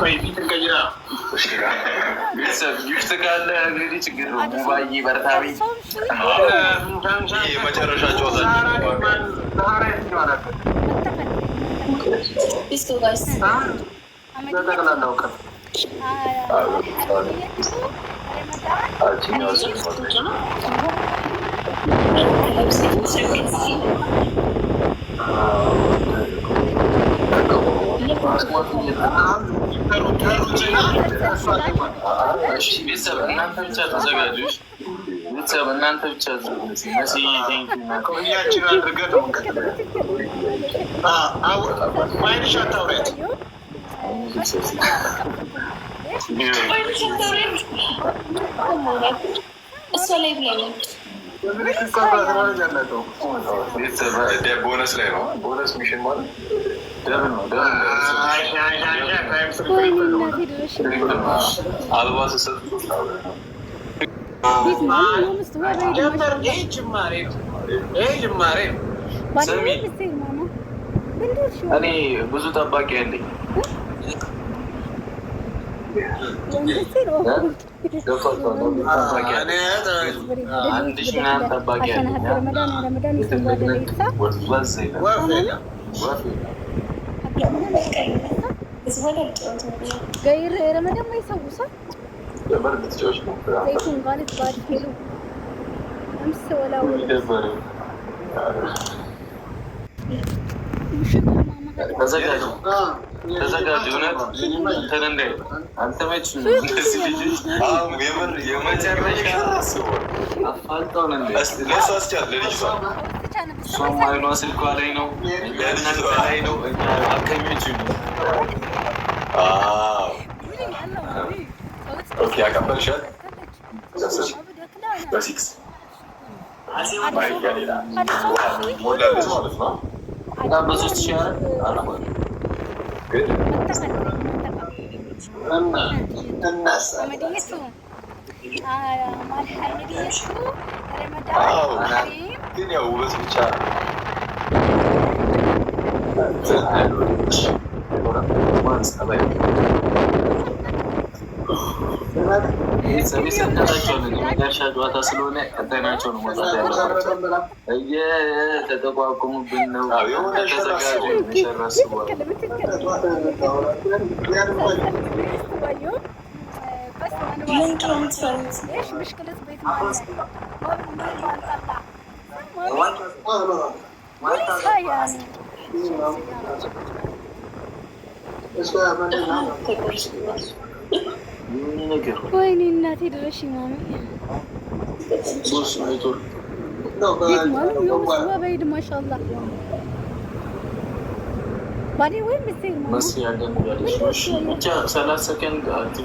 ቆይ ፊት እንቀይራ ግብጽ ችግር ነው። ሙባይ በርታቢ የመጨረሻ ጨዋታ ነው። ቤተሰብ እናንተ ብቻ ተዘጋጁ። ቤተሰብ እናንተ ብቻ መስያችን አድርገን ላይ ብላለች። ቦነስ ላይ ነው ቦነስ ሚሽን ማለት እኔ ብዙ ጠባቂ ያለኝ ጠባቂ ያለኝ ገይር ረመዳን ማይሰውሳ ዘይቱን ማለት ባሪፍ ሄሉ አምስ ወላ ተዘጋጁ። እውነት እንትን እንደ አልተመችም። የመጨረሻ አፋልጠውን እንደ ለእሷ አስቻት ለልጅቷ እሷም ኃይሏ ላይ ነው፣ እምነቷ ግን ያው ውበት ብቻ ሰሚሰታቸውን ጨዋታ ስለሆነ ቀጣይናቸው ነው መውጣት ያለባቸው። እየተጠቋቁሙብን ነው። ተዘጋጁ፣ ጨረስ Burası yani. Puoi ninnati dove ci mami? Burası Aytur. Gitmem yok sabah beydi maşallah. Bari var mısın? Nasıl yerden yarışmış? 2 3 second artık.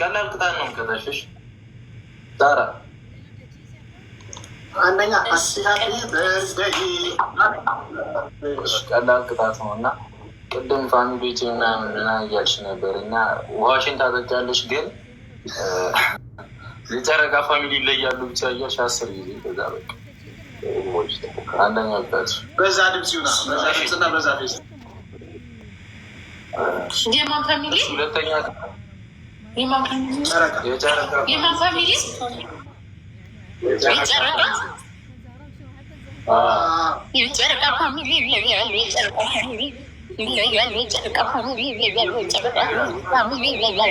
ቀላል ቅጣት ነው። ከታሽሽ ዛራ አንደኛ ቀላል ቅጣት ነው እና ቅድም ፋሚሊቲ ምናምን እያልሽ ነበር እና ውሃሽን ታጠጫለሽ ግን የጨረቃ ፋሚሊ ላይ ብቻ እያልሽ አስር ጊዜ ከዛ በቃ አንደኛ ቅጣት በዛ ድምፅ ይሆናል በዛ ድምፅና በዛ ፌስ የማን ፋሚሊ የማን ፋሚሊ የጨረቃ ፋሚሊ ይለያል። የጨረቃ ፋሚሊ ይለያል። የጨረቃ ፋሚሊ ይለያል። የጨረቃ ፋሚሊ ይለያል። የጨረቃ ፋሚሊ ይለያል።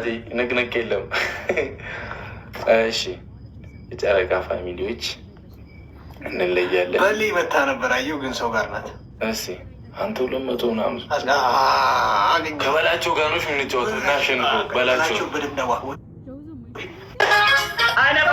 ወዳጅ ንቅንቅ የለም። እሺ የጨረቃ ፋሚሊዎች እንለያለን። በል መታ ነበር አየሁ፣ ግን ሰው ጋር ናት። እሺ አንተ ሁለት መቶ ምናምን ከበላቸው ጋኖች የምንጫወት እና አሸንፎ በላቸው አይነባ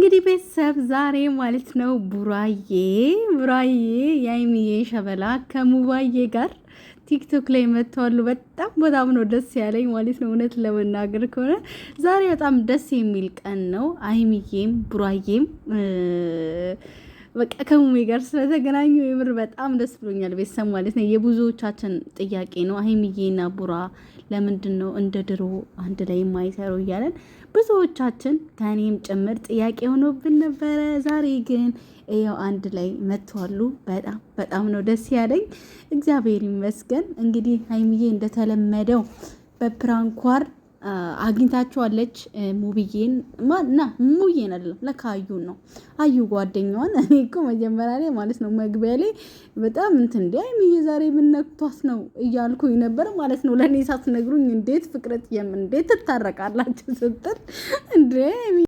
እንግዲህ ቤተሰብ ዛሬ ማለት ነው ቡራዬ ቡራዬ የአይሚዬ ሸበላ ከሙባዬ ጋር ቲክቶክ ላይ መጥተዋሉ። በጣም በጣም ነው ደስ ያለኝ ማለት ነው። እውነት ለመናገር ከሆነ ዛሬ በጣም ደስ የሚል ቀን ነው። አይሚዬም ቡራዬም በቃ ከሙሜ ጋር ስለተገናኙ የምር በጣም ደስ ብሎኛል። ቤተሰብ ማለት ነው የብዙዎቻችን ጥያቄ ነው። ሀይሚዬና ቡራ ለምንድን ነው እንደ ድሮ አንድ ላይ የማይሰሩ እያለን ብዙዎቻችን ከእኔም ጭምር ጥያቄ ሆኖብን ነበረ። ዛሬ ግን ያው አንድ ላይ መጥተዋሉ። በጣም በጣም ነው ደስ ያለኝ። እግዚአብሔር ይመስገን። እንግዲህ ሀይሚዬ እንደተለመደው በፕራንኳር አግኝታችኋለች ሙብዬን ማና ሙዬን አይደለም ለካ አዩን ነው አዩ ጓደኛዋን። እኔ እኮ መጀመሪያ ላይ ማለት ነው መግቢያ ላይ በጣም እንትን እንዲ ሚዬ ዛሬ የምነግቷት ነው እያልኩኝ ነበር ማለት ነው። ለእኔ ሳትነግሩኝ እንዴት ፍቅረት የም እንዴት ትታረቃላችሁ ስትል እንዴ